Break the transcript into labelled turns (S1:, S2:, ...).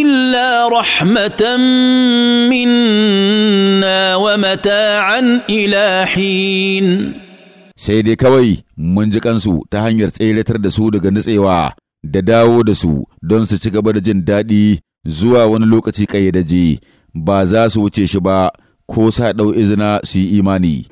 S1: الا رحمه منا ومتاعا الى حين
S2: sai dai kawai mun ji kansu ta hanyar tseratar da su daga nutsewa da dawo da su don su ci gaba da jin daɗi zuwa wani lokaci ƙayyadaje ba za su wuce shi ba ko sa ɗau
S3: izina su yi imani